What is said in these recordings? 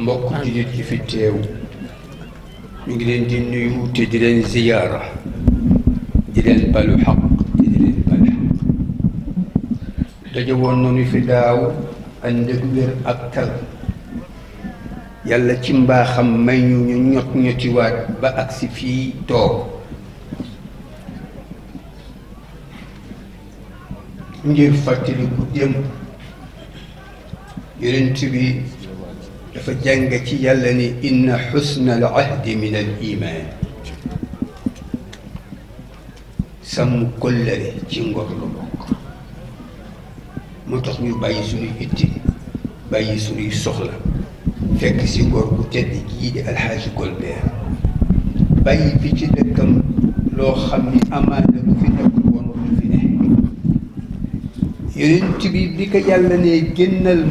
mbokk jullit yi fi teew ñu ngi leen di nuyu te di leen ziyaara di leen balu xaq di leen balu xaq daje woon nañu fi daaw ànd ak wér ak tal yàlla ci mbaaxam may ñu ñu ñot ñotiwaat ba agsi fii toog ngir fàttaliku démb yonent bi دافا جانغا تي ان حسن العهد من الايمان سم كل لي تي نغور لو بوك مو تخ ني باي سوني ايتي باي سوني سوخلا فك سي نغور كو تيدي كي دي باي في تي لو خامي امانه في نكو وون في نه يرين تي بي ديكا يالا ني جنال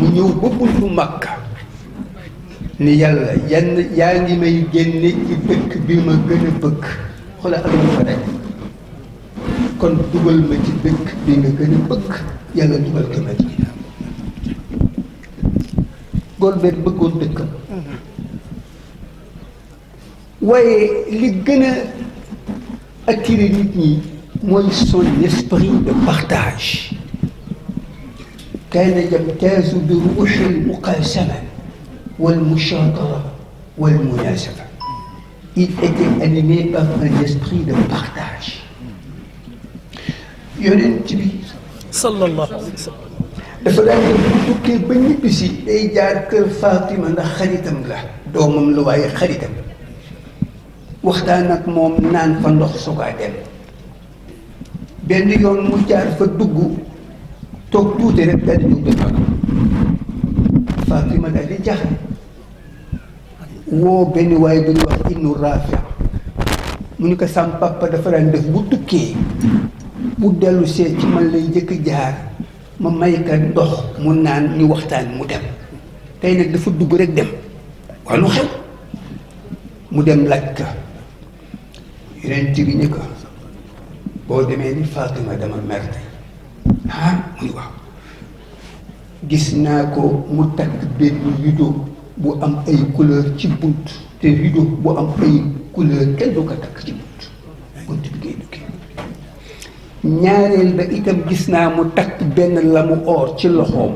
mu ñëw ba buntu Makka ni yàlla yan yaa ngi may génne ci dëkk bi ma gën a bëgg xoola ak ma fa daj kon dugal ma ci dëkk bi nga gën a bëgg yàlla dugal ko ma ci góor beeg bëggoon dëkkam waaye li gën a attiré nit ñi mooy son esprit de partage كان يمتاز بروح المقاسمة والمشاطرة والمناسبة Il était animé par un esprit de partage. Il y a yonent bi. sallallahu alayhi wa sallam. dafa daan dem bu tukkee ba ñibbi si day jaar kër Fatima ndax xaritam la. doomam la waaye xaritam waxtaan ak moom naan fa ndox su ko dem benn yoon mu jaar fa dugg. toog tuuti rek daal di jóg dem woo benn waaye bu wax Ibnu Rafia mu ni ko sam papa dafa daan def bu tukkee bu dellu see ci man lay njëkk jaar ma may ka ndox mu naan ñu waxtaan mu dem tey nag dafa dugg rek dem waa lu xew mu dem laj ka yeneen tigi ñi ko boo demee ni Fatima dama mer ah gis naa ko mu takk benn rideau bu am ay couleur ci bunt te rideau bu am ay couleur kenn du ko takk ci bunt bunt bi ngay duggee ñaareel ba itam gis naa mu takk benn lamu or ci loxoom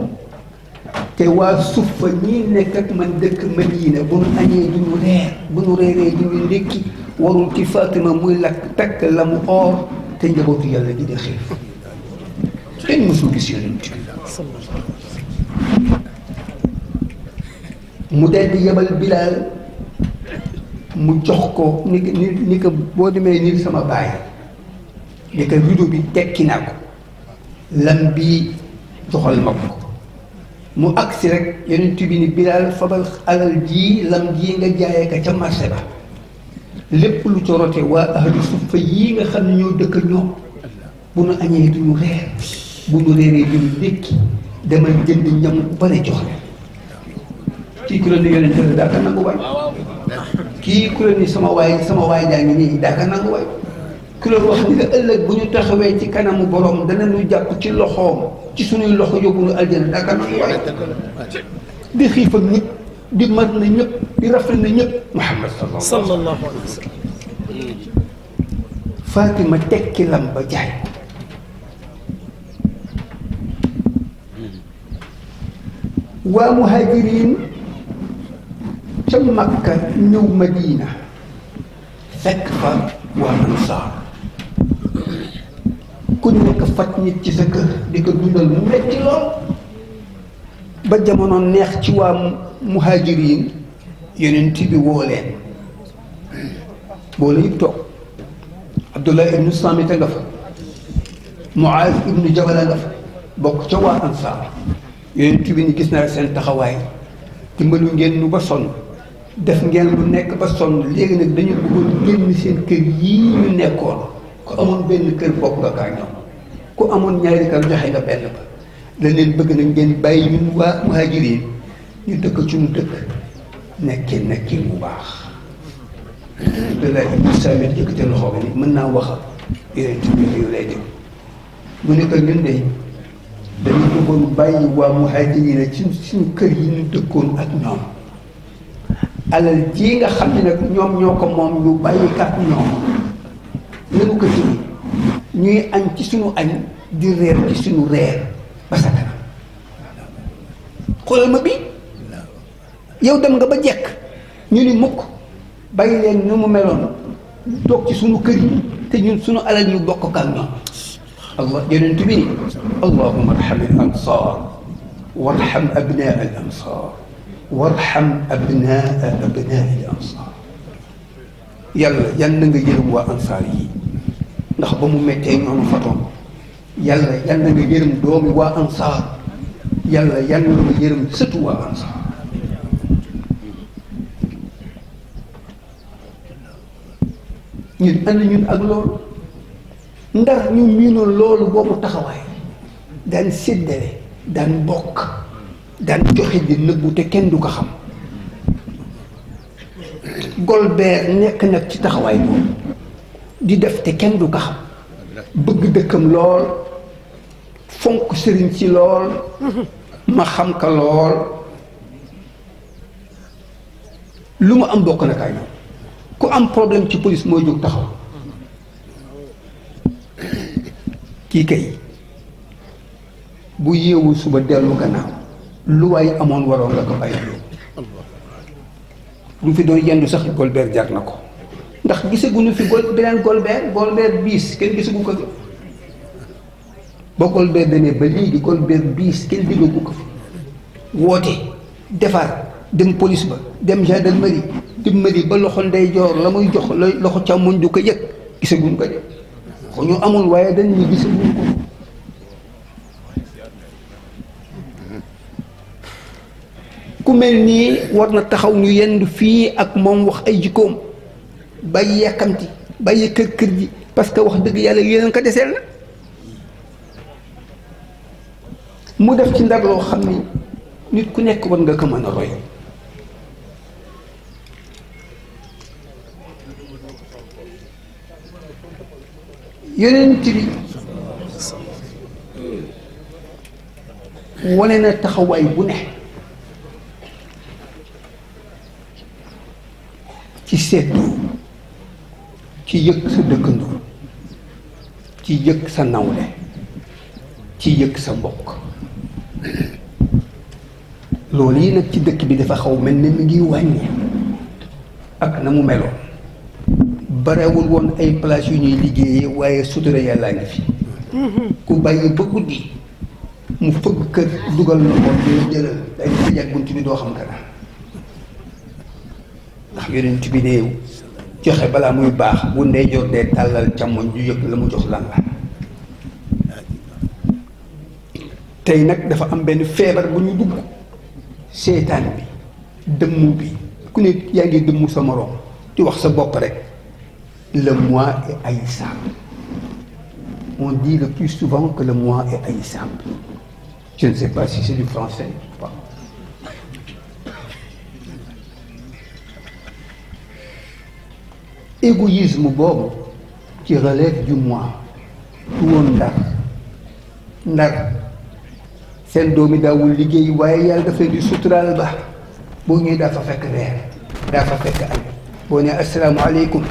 te waa suuf fa ñii nekk ak man dëkk Madina bu nu añee du ñu reer bu nu reeree du ñu ndékki warul ci Fatima muy lakk takk lamu or te njabootu yàlla gi di xiif kenn mësul gis yonent mu dal yebal bilaal mu jox ko ni ni ni boo demee ni sama baay ni ko bi tekki naa ko lam bii joxal ma ko mu agsi rek yonent bi ni bilaal fabal alal jii lam jii nga jaayee ko ca marché ba lépp lu corote waa ahlu suffa yii nga xam ne ñoo dëkk ñoom bu nu añee duñu reer bu ñu réeree ñu ndékki demal jënd ñam bu jox kii ku la ni sama waay sama waay jaa ngi nii daaka nangu ku la wax ni la ëllëg bu ñu taxawee ci kanamu borom danañu jàpp ci loxoom ci suñuy loxo yóbbu ñu aljana daaka nangu waay di xiif ak di mar na ñëpp di rafet na ñëpp Muhammad sallallahu alayhi wa sallam Fatima tekki lam jaay waa muhaajiriin ca Makka ñëw Madina fekk fa waa ansaar ku nekk fat nit ci sa kër di ko dundal mu metti lool ba jamono neex ci waa muhaajiriin yonent bi woo leen boole yëpp toog Abdullah ibnu Samita nga fa Muaaz ibnu Jabala nga fa bokk ca waa ansaar yonent bi ni gis naa seen taxawaay dimbalu ngeen nu ba sonn def ngeen bu nekk ba sonn léegi nag dañu bëggoon génn seen kër yii ñu nekkoon ku amoon benn kër bokk nga kaa ñoom ku amoon ñaari kër joxe nga benn ba dañ leen bëgg nag ngeen bàyyi ñun waa muhaajiriin ñu dëkk ci mu dëkk nekki nekki bu baax Abdullah ibn Samit yëkkati loxo bi mën naa wax ak yonent bi lay dégg mu ne ñun de dañu bëggoon bàyyi waa muhaajiriina ci suñu kër yi ñu dëkkoon ak ñoom alal ji nga xam ne ñoom ñoo ko moom ñu bàyyi kat ñoom lañu ko tëni ñuy añ ci suñu añ di reer ci suñu reer ba sa kanam xoolal ma bi yow dem nga ba jekk ñu ni mukk bàyyi leen nu mu meloon toog ci suñu kër yi te ñun suñu alal ñu bokk ak ñoom الله يرنت اللهم ارحم الأنصار وارحم أبناء الأنصار وارحم أبناء أبناء الأنصار يلا يلا نجي يروا أنصاري نخبم متين عن يلا يلا yal دوم nga yërëm يلا يلا ansaar yàlla yal na nga yërëm ànd ñun ak loolu ndax ñu miinoon loolu boobu taxawaay daan séddale daan bokk daan joxe di nëbbu te kenn du ko xam Golbert nekk nag ci taxawaay boobu di def te kenn du ko xam bëgg dëkkam lool fonk sëriñ ci lool ma xam ka lool lu mu am bokk na kaay ku am problème ci polis mooy jóg taxaw kii kay bu yeewu suba dellu gannaaw lu waay amoon waroon la ko bàyyi lu fi doon yendu sax Golbert jar na ko ndax gisaguñu fi gol beneen Golbert Golbert biis kenn gisagu ko fi ba Golbert demee ba léegi Golbert biis kenn diggagu ko fi woote defar dem police ba dem gendarmerie dimbali ba loxo ndeyjoor la muy jox la loxo càmmoñ du ko yëg gisaguñ ko de ko ñu amul waaye dañuy gis ñu ko ku mel nii war na taxaw ñu yend fii ak moom wax ay jikkoom bàyyi yàkkamti bàyyi kër kër ji parce que wax dëgg yàlla yeneen ko deseel na mu def ci ndar loo xam ni nit ku nekk war nga ko mën a roy yonent bi wane na taxawaay bu ne ci seetu ci yëg sa dëkkandoo ci yëg sa nawle ci yëg sa bokk loolu yi nag ci dëkk bi dafa xaw mel ne mi ngi wàññi ak na mu meloo barewul woon ay place yu ñuy liggéeyee waaye sutura yàllaa ngi fi mm-hmm. ku bàyyi ba guddi mu fëgg kër dugal na moom yooyu jëlal day tëj ak bunt bi doo xam kana ndax yonent bi de joxe balaa muy baax bu ndeyjoor dee tàllal càmmoñ ju yëpp la mu jox lan la tey nag dafa am benn feebar bu ñu dugg seetaan bi dëmm bi ku ne yaa ngi dëmm sa moroom di wax sa bopp rek le moi est haïssable. On dit le plus souvent que le moi est haïssable. Je ne sais pas si c'est du français ou pas. Égoïsme bob qui relève du moi. Tout on ndar. seen doom yi du liggéey waaye yàlla dafay di suturaal ba boo ñëwee daa fa fekk reer daa fa fekk añ boo ne asalaamaaleykum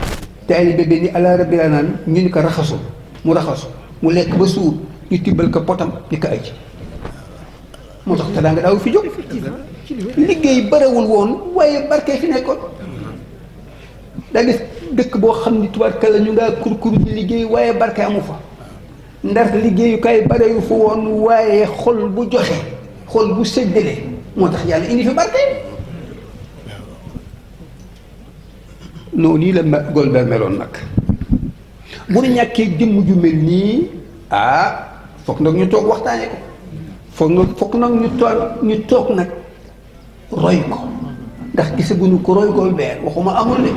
taalibe bi ni ala rabbi naan ñu ni ko raxasoo mu raxasoo mu lekk ba suur ñu tibbal ko potam ni ko aj moo tax teraanga daaw fi jóg liggéey barewul woon waaye barke fi nekkoon daa gis dëkk boo xam ni tubaarkalla ñu ngaa kurkur bi liggéey waaye barke amu fa ndar liggéeyukaay barewu fa woon waaye xol bu joxe xol bu séddale moo tax yàlla indi fi barke noonu la Golbert meloon nag bu nu ñàkkee jëmm ju mel nii ah foog nag ñu toog waxtaane ko foog nag foog nag ñu toog ñu toog nag roy ko ndax gisaguñu ko roy Golbert waxuma amul de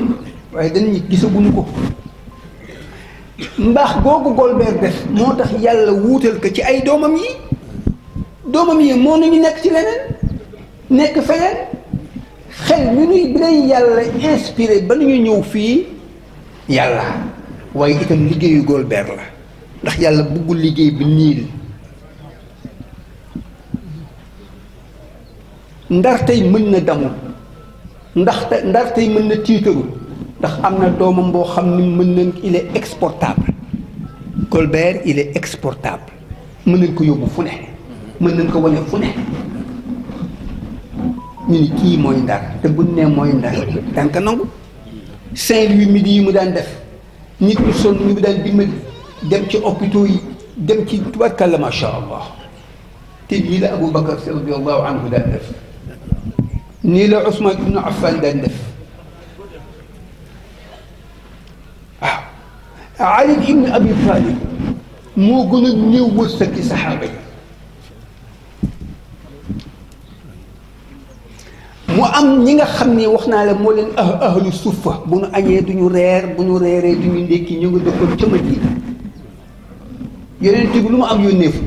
waaye dañu gisaguñu ko mbaax googu Golbert def moo tax yàlla wuutal ko ci ay doomam yi doomam yi moo nañu nekk ci leneen nekk feneen xel mi nuy bi yàlla inspiré ba ñu ñëw fii yàlla waaye itam liggéeyu Golbert la ndax yàlla bëggul liggéey bi niil ndar tey mën na damu ndax te ndar tey mën na tiitaru ndax am na doomam boo xam ni mën na il est exportable Golbert il est exportable mën nañ ko yóbbu fu ne mën nañ ko wane fu ne ñu ni kii mooy ndar te buñ ne mooy ndar danga ko nangu Saint-Louis midi yi mu daan def nit ñu sonn ñu mu daan dimbali dem ci hôpitaux yi dem ci tubarkalla macha allah te nii la Abu Bakar si radiallahu anhu daan def nii la Ousmane ibnu Affan daan def waaw Ali ibnu Abi Talib moo gën a néew wërsëg ci saxaaba yi am ñi nga xam ni wax naa la moo leen ah ahlu suufa bu ñu añee du ñu reer bu ñu reeree du ñu ndékki ñu ngi dëkkoon ca Madina yeneen bi lu mu am yónnee fa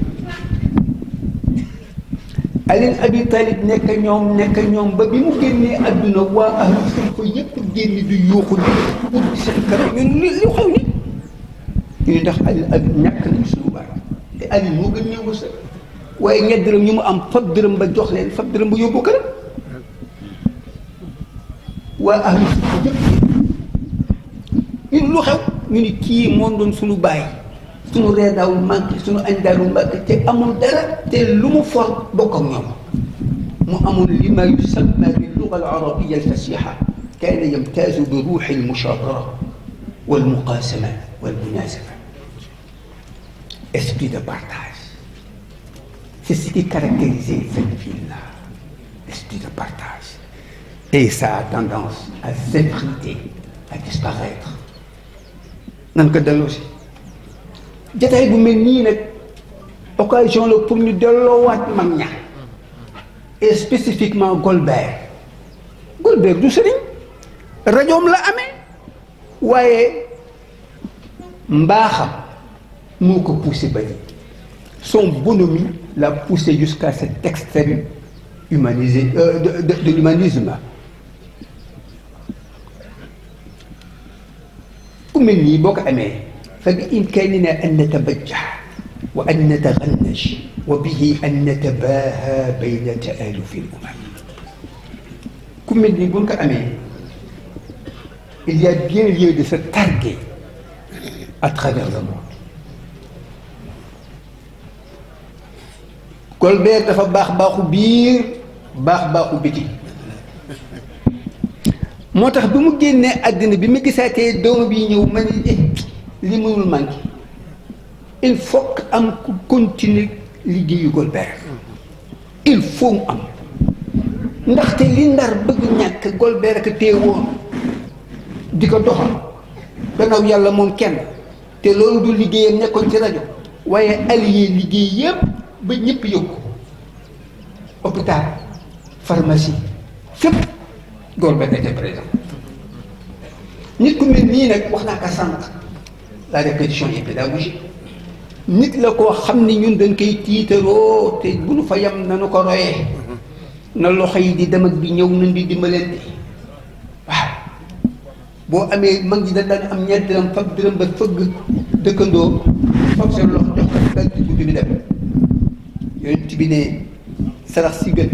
Alin Abi Talib nekk ñoom nekk ñoom ba bi mu génnee àdduna waa ahlu suufa yëpp génn di yuuxu di ut seen karam ñun li li xew ni ñu tax ndax Alin Abi ñàkk nañ suñu baay te Alin moo gën ñëw sa waaye ñett ñu mu am fab dërëm ba jox leen fab dërëm ba yóbbu kanam واهل السكوت ين لوخو ني كي مون دون سونو باي سونو ري داو مانك سونو ان مانك تي امول دارا تي لومو فور دوكو نيو مو امول لي ما يسمى باللغه العربيه الفسيحه كان يمتاز بروح المشاطره والمقاسمه والمناسبه اسبي دو بارتاج سي سي كي كاركتيريزي فين فيلا اسبي دو بارتاج Et ça a tendance à s'effriter, à disparaître. dans le de bu a occasion pour nous de et spécifiquement Goldberg. Goldberg, du sëriñ la nous son bonhomie l'a poussé jusqu'à cet extrême humanisé euh, de de l'humanisme ومن لي بقع ما فبإمكاننا أن نتبجح وأن نتغنج وبه أن نتباهى بين تآلف الأمم كم من يقول كأمين il y a bien lieu de se targuer à travers le monde Colbert dafa baax baaxu biir baax baaxu biti motax tax bi mu génnee àddina bi mu gisaatee doom bi ñëw man li mënul manqué il faut am ku continuer liggéeyu Golbert il faut am ndax té li ndar bëgg ñàkk Golbert ak té di diko doxal naw yàlla moom kenn te loolu du liggéeyam nekkoon ci rajo waaye allié liggéey yépp ba ñëpp yëg ko hôpital pharmacie fépp góor benn était présent nit ku mel nii nag wax naa ko sànq la répétition est pédagogique nit la koo xam ne ñun dañ koy tiitaroo te bu nu fa yem nanu ko royee na loxo yi di dem ak ñëw nañ di dimbaleen di waaw boo amee mag ji dañ daan am ñetti dërëm fag dërëm ba fëgg dëkkandoo fab seen loxo jox ko dal guddi bi dem yonent bi ne sarax si gën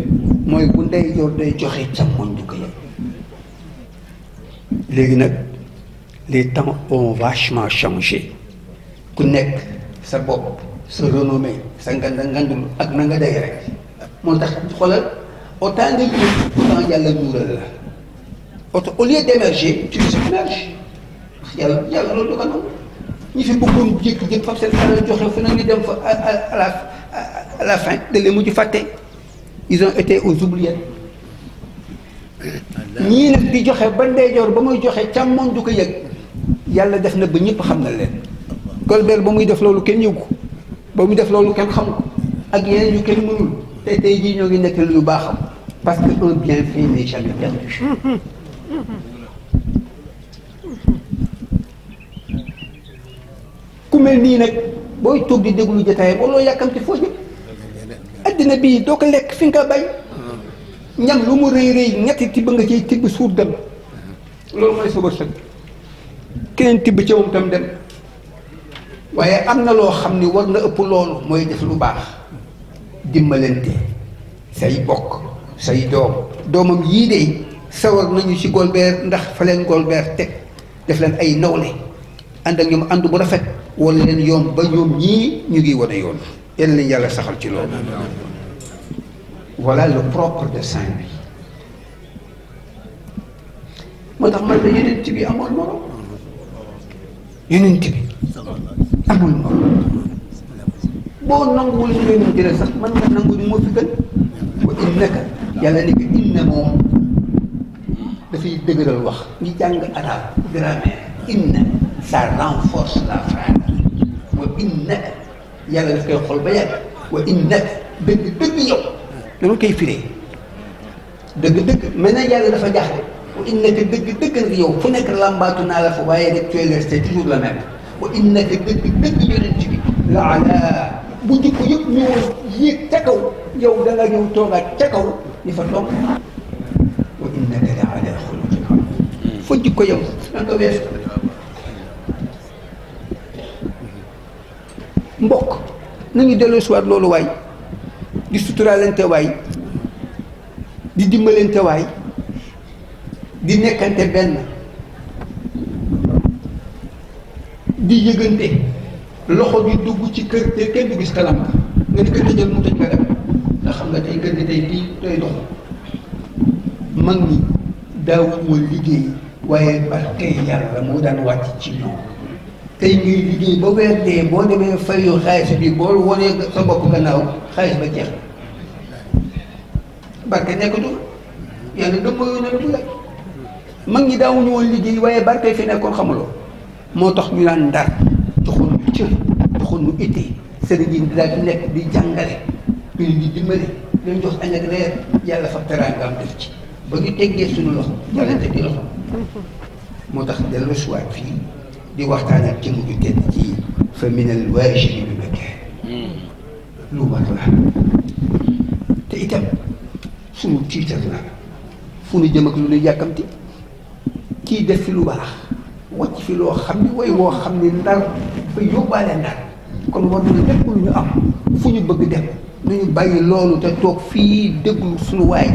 mooy bu ndey joor day joxe càmmoñ du ko léegi nag les temps ont vachement changé ku nekk sa bopp sa renommée sa nganda ak na nga day rek moo tax xoolal autant de ñuul autant yàlla ñuulal la autant au lieu d'émerger tu submerges yàlla yàlla loolu du ko nangu ñi fi bëggoon jékki-jékki fab seen alal joxe fu ne ñu dem fa à la à la fin de leen mujj faté. ils ont été aux oubliettes ñii nag di joxe ba ndeyjoor ba muy joxe càmmoñ du ko yëg yàlla def na ba ñëpp xam na leen Colbert ba muy def loolu kenn yëgu ba muy def loolu kenn xam ko ak yeneen yu kenn mënul te tey jii ñoo ngi nekk lu baaxam parce que un bienfait n'est jamais perdu ku mel nii nag booy toog di déglu jotaay ba loo yàkkamti foo jëm addina bii doo ko lekk fi nga ko bay ñam lu mu rëy rëy ñetti tibb nga ciy tibb suur dem loolu mooy sa wërsëg keneen tibb ca moom tam dem waaye am na loo xam ni war na ëpp loolu mooy def lu baax dimbalante say bokk say doom doomam yii de sawar nañu ci golbeer ndax fa leen golbeer teg def leen ay nawle ànd ak ñoom ànd bu rafet wala leen yoon ba ñoom ñii ñu ngi wane yoon yal na yàlla saxal ci loolu voilà le propre de Saint-Louis moo tax man la yonent bi amul morom yonent bi amul morom boo nanguwul yonent la sax man nga nangu ni moo fi gën wa innaka yàlla ni ko inna moom dafay dëgëral wax ñi jàng arabe grammaire inna ça renforce la phrase wa innaka yàlla daf koy xool ba yàgg wa innaka dëgg dëgg yow dañu koy firee deug deug mena yàlla dafa jaaxle wa innaka deug deug dëgg yow fu nek lambatu na la fa waye rek tu es resté toujours la même wa innaka deug dëgg yonent ci la ala bu jikko yëpp ñëwoon yéeg ca kaw yow da nga ñu toga ca kaw ñu fa tok wa innaka la ala xuluqin fu ci ko yow da nga wess mbok nañu delu si waat loolu waay di suturaalante waay di dimbalante waay di nekkante benn di yëgante loxo di dugg ci kër te kenn du gis kalam ka nga ni kër jël mu tëj nga ndax xam nga tey kër gi tey lii dox mag ñi daawul liggéey waaye barke yàlla moo daan wàcc ci ñoom tey ñuy liggéey ba weer dee boo demee fayu xaalis bi boo wanee sa bopp gannaaw xaalis ba jeex barke nekkatu yàlla dëgg mooy yónneeku rek mag ñi daawuñu woon liggéey waaye barke fi nekkoon xamuloo moo tax ñu naan ndar joxoon ñu cër joxoon ñu ittee sëriñ yi di daal di nekk di jàngale ñu di dimbale leen jox añ ak reer yàlla fa teraangaam def ci ba ñu teggee suñu loxo yàlla teg di loxo moo tax dellusiwaat fii. دي واحد على كم جدتي فمن الواجب بمكان لو ما تروح تيتم فنو تيتا تروح فنو جمك لو ليا كم تي كي دف لو باخ وات في لو خمني واي مو خمني نار في يوبا لا نار كون وات لو ديب لو ام فنو بغ ديب نيو باي لولو تا توك في دغل سنو واي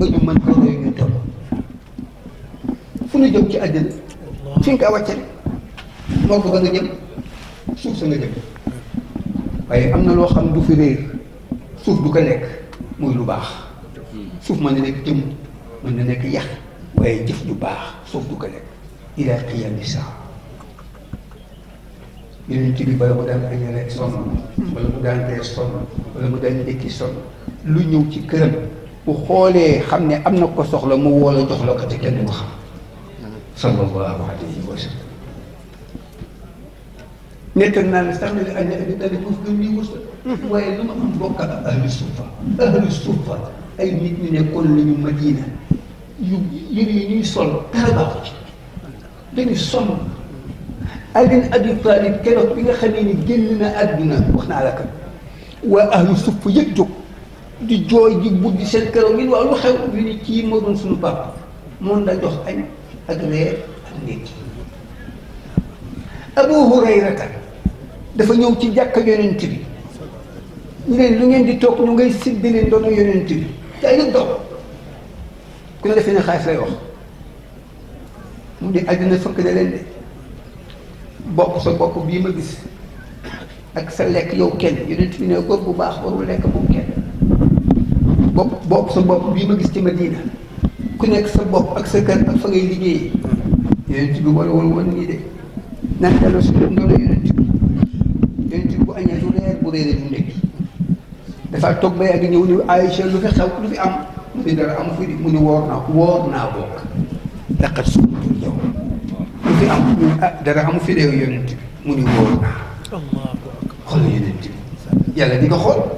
ادو من كو روي نيو تام فنو جم كي ادنا fi nga kaa wàccale moo ko ba nga jëm suuf sa nga jëm waaye am na loo xam du fi réer suuf du ko lekk muy lu baax suuf ma ne nekk jëm mën na nekk yax waaye jëf du baax suuf du ko lekk ila qiyaami saa yeneen ci bi bala mu daan añale sonn wala mu daan ree sonn wala mu lu ñëw ci këram bu xoolee xam ne am na ko soxla mu woo la jox la ko te kenn du xam صلى الله عليه وسلم نتنا نستعمل أن نتنا نتوفي مسلم وإنما نبقى أهل الصفة أهل الصفة أي من يقول لي مدينة يريني صلى هذا بين الصلاة أدن أدي طالب كانت بين خليني جلنا أدنى وخنا على كم وأهل الصف يجوا دي جوي دي بودي سلكروا من وقالوا خير بني كي مدن سنو باب من دا جوخ أني ak ree ak ndékki abu hurayrata dafa ñëw ci jàkk yonent bi ñu leen lu ngeen di toog ñu ngay siddali ndono yonent bi gaa yi dox ku ne defee ne xaalis lay wax mu di àddina fëkk da leen de bokk sa bopp bii ma gis ak sa lekk yow kenn yonent bi ne góor bu baax warul lekk moom kenn bopp bopp sa bopp bii ma gis ci Madina ku nekk sa bopp ak sa kër ak fa ngay liggéey yonent bi wala woon woon nii de nan delloo si doom doon yonent bi yonent bi bu añee du reer ba yàgg ñëw ni Aïcha lu lu fi am mu mu ni woor naa woor naa bokk laqat suuf du yow am ah, fi de yonent mu ni woor naa yàlla di nga xool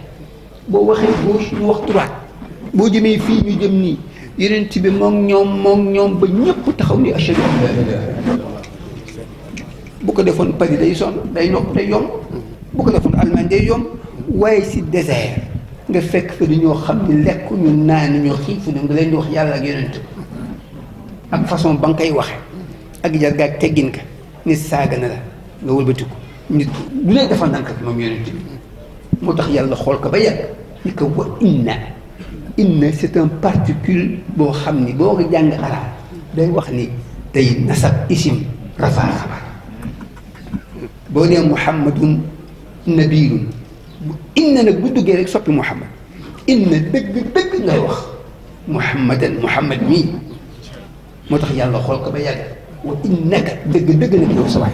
boo waxee gauche ñu wax droite boo jëmee fii ñu jëm nii yenent bi moom ñoom moom ñoom ba ñëpp taxaw ni achadu bu ko defoon Paris day sonn day nopp day yomb bu ko defoon Allemagne day yomb waaye si désert nga fekk fa dañoo xam ni lekk ñu naan ñu xiifu ñu nga leen di wax yàlla ak yonent ak façon ba nga koy waxe ak jarga ak teggin ka nit saaga na la nga wëlbatiku nit lu lay defal nankat moom yonent bi moo tax yàlla xool ko ba yàgg ni ko wa inna inna c'est un particule boo xam ni boo ko jàng arab day wax ni day nasab isim rafa xabar boo nee muhammadun nabiyun inna nag bu duggee rek soppi muhammad inna dëgg dëgg ngay wax muhammadan muhammad mii moo tax yàlla xool ko ba yàgg wa innaka dëgg dëgg nag yow sa waay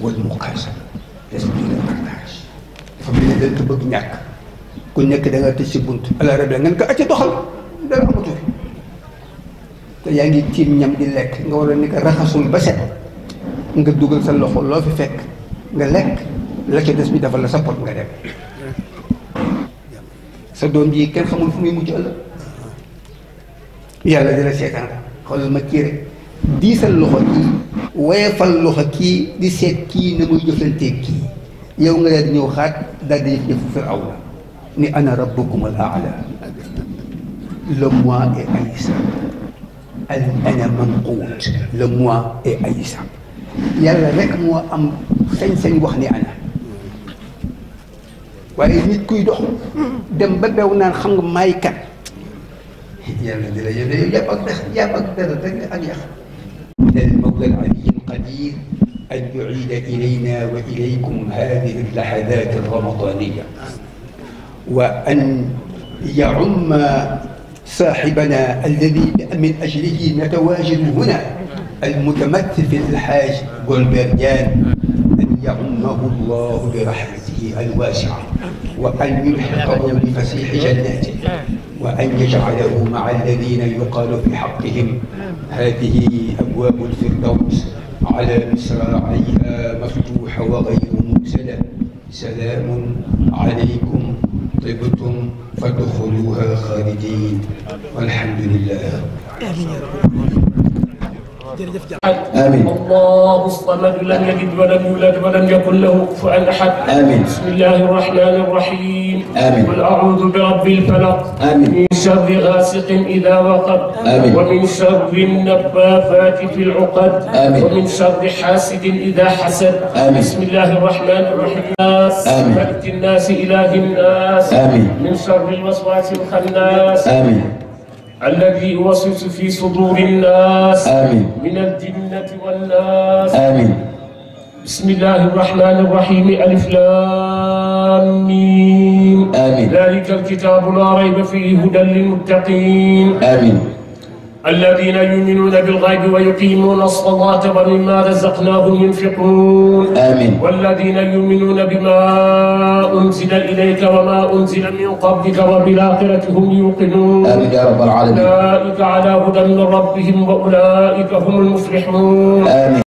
wal muqaasa l'esprit de partage bëgg ñàkk ku nekk da nga tëj si bunt ala rabi ngeen ko acca doxal dara amatu yaa ngi tiim ñam di lekk nga war a ni ko raxasul ba set nga dugal sa loxo loo fi fekk nga lekk la ca des bi dafa la sa nga dem sa doom ji kenn xamul fu muy mucc ëllëg yàlla dina seetaan xoolal ma kii rek diisal loxo ji woyefal loxo kii di seet kii na muy jëflanteeg kii yow nga leen ñëw xaat daal di jëf firaw ni ana rabbukum al aala le moi et Aïssa al ana manquut le moi et Aïssa yàlla rek moo am sañ-sañ wax ni ana waaye nit kuy dox dem ba bew naan xam nga maay kan yàlla di la yow yow yàpp ak dex yàpp ak dara rek ak yàq من المولى العلي القدير أن يعيد إلينا وإليكم هذه اللحظات الرمضانية وأن يعم صاحبنا الذي من أجله نتواجد هنا المتمثل في الحاج بولبريان أن يعمه الله برحمته الواسعة وأن يلحقه بفسيح جناته وأن يجعله مع الذين يقال في حقهم هذه أبواب الفردوس على مصراعيها مفتوحة وغير مرسلة سلام عليكم طبتم فادخلوها خالدين والحمد لله آمين الله الصمد لم يجد ولم يولد ولم يكن له كفوا أحد آمين بسم الله الرحمن الرحيم آمين قل أعوذ برب الفلق آمين من شر غاسق إذا وقب آمين ومن شر النبافات في العقد آمين ومن شر حاسد إذا حسد آمين بسم الله الرحمن الرحيم الناس آمين فأت الناس إله الناس آمين من شر الوسواس الخناس آمين الذي يوسوس في صدور الناس آمين من الجنة والناس آمين بسم الله الرحمن الرحيم ألف لام ميم آمين ذلك الكتاب لا ريب فيه هدى للمتقين آمين الذين يؤمنون بالغيب ويقيمون الصلاة ومما رزقناهم ينفقون آمين والذين يؤمنون بما أنزل إليك وما أنزل من قبلك وبالآخرة هم يوقنون آمين يا رب العالمين أولئك على هدى من ربهم وأولئك هم المفلحون آمين